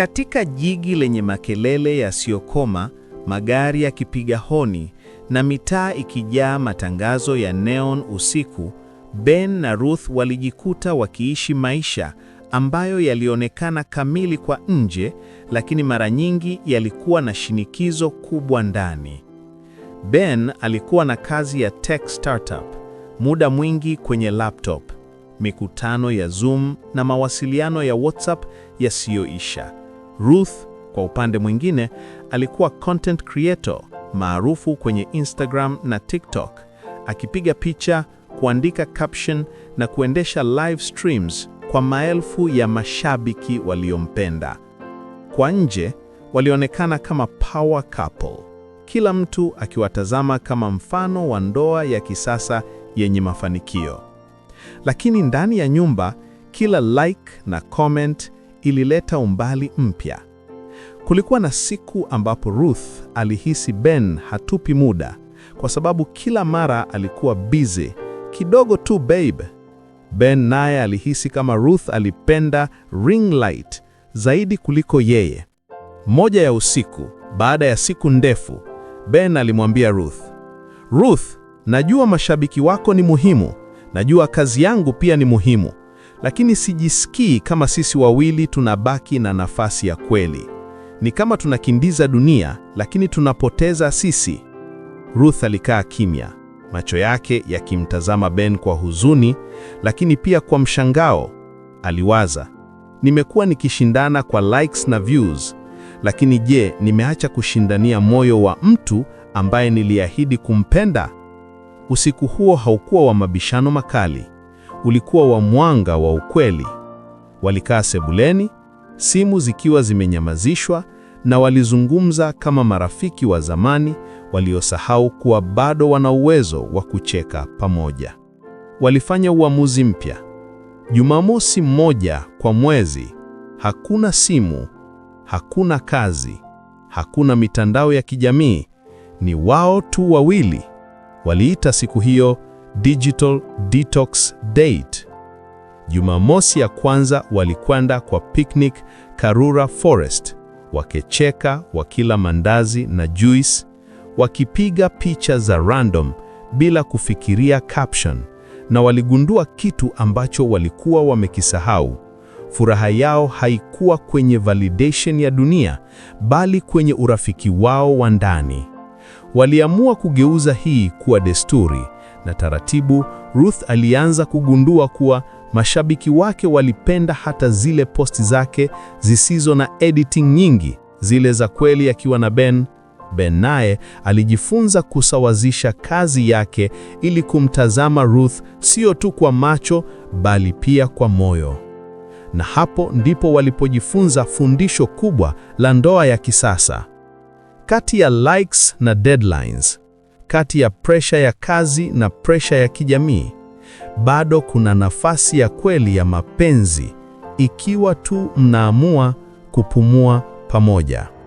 Katika jiji lenye makelele yasiyokoma, magari yakipiga honi na mitaa ikijaa matangazo ya neon usiku, Ben na Ruth walijikuta wakiishi maisha ambayo yalionekana kamili kwa nje, lakini mara nyingi yalikuwa na shinikizo kubwa ndani. Ben alikuwa na kazi ya tech startup, muda mwingi kwenye laptop, mikutano ya Zoom na mawasiliano ya WhatsApp yasiyoisha. Ruth kwa upande mwingine alikuwa content creator maarufu kwenye Instagram na TikTok, akipiga picha, kuandika caption na kuendesha live streams kwa maelfu ya mashabiki waliompenda. Kwa nje walionekana kama power couple, kila mtu akiwatazama kama mfano wa ndoa ya kisasa yenye mafanikio. Lakini ndani ya nyumba, kila like na comment ilileta umbali mpya. Kulikuwa na siku ambapo Ruth alihisi Ben hatupi muda kwa sababu kila mara alikuwa busy kidogo tu babe. Ben naye alihisi kama Ruth alipenda ring light zaidi kuliko yeye. Moja ya usiku, baada ya siku ndefu, Ben alimwambia Ruth, Ruth, najua mashabiki wako ni muhimu, najua kazi yangu pia ni muhimu, lakini sijisikii kama sisi wawili tunabaki na nafasi ya kweli. Ni kama tunakimbiza dunia, lakini tunapoteza sisi. Ruth alikaa kimya, macho yake yakimtazama Ben kwa huzuni, lakini pia kwa mshangao. Aliwaza, nimekuwa nikishindana kwa likes na views, lakini je, nimeacha kushindania moyo wa mtu ambaye niliahidi kumpenda? Usiku huo haukuwa wa mabishano makali ulikuwa wa mwanga wa ukweli. Walikaa sebuleni, simu zikiwa zimenyamazishwa, na walizungumza kama marafiki wa zamani waliosahau kuwa bado wana uwezo wa kucheka pamoja. Walifanya uamuzi mpya. Jumamosi mmoja kwa mwezi, hakuna simu, hakuna kazi, hakuna mitandao ya kijamii, ni wao tu wawili. Waliita siku hiyo Digital Detox Date. Jumamosi ya kwanza walikwenda kwa picnic Karura Forest, wakicheka, wakila mandazi na juice, wakipiga picha za random bila kufikiria caption, na waligundua kitu ambacho walikuwa wamekisahau. Furaha yao haikuwa kwenye validation ya dunia, bali kwenye urafiki wao wa ndani. Waliamua kugeuza hii kuwa desturi na taratibu Ruth alianza kugundua kuwa mashabiki wake walipenda hata zile posti zake zisizo na editing nyingi, zile za kweli akiwa na Ben. Ben naye alijifunza kusawazisha kazi yake ili kumtazama Ruth sio tu kwa macho bali pia kwa moyo. Na hapo ndipo walipojifunza fundisho kubwa la ndoa ya kisasa. Kati ya likes na deadlines, kati ya presha ya kazi na presha ya kijamii, bado kuna nafasi ya kweli ya mapenzi ikiwa tu mnaamua kupumua pamoja.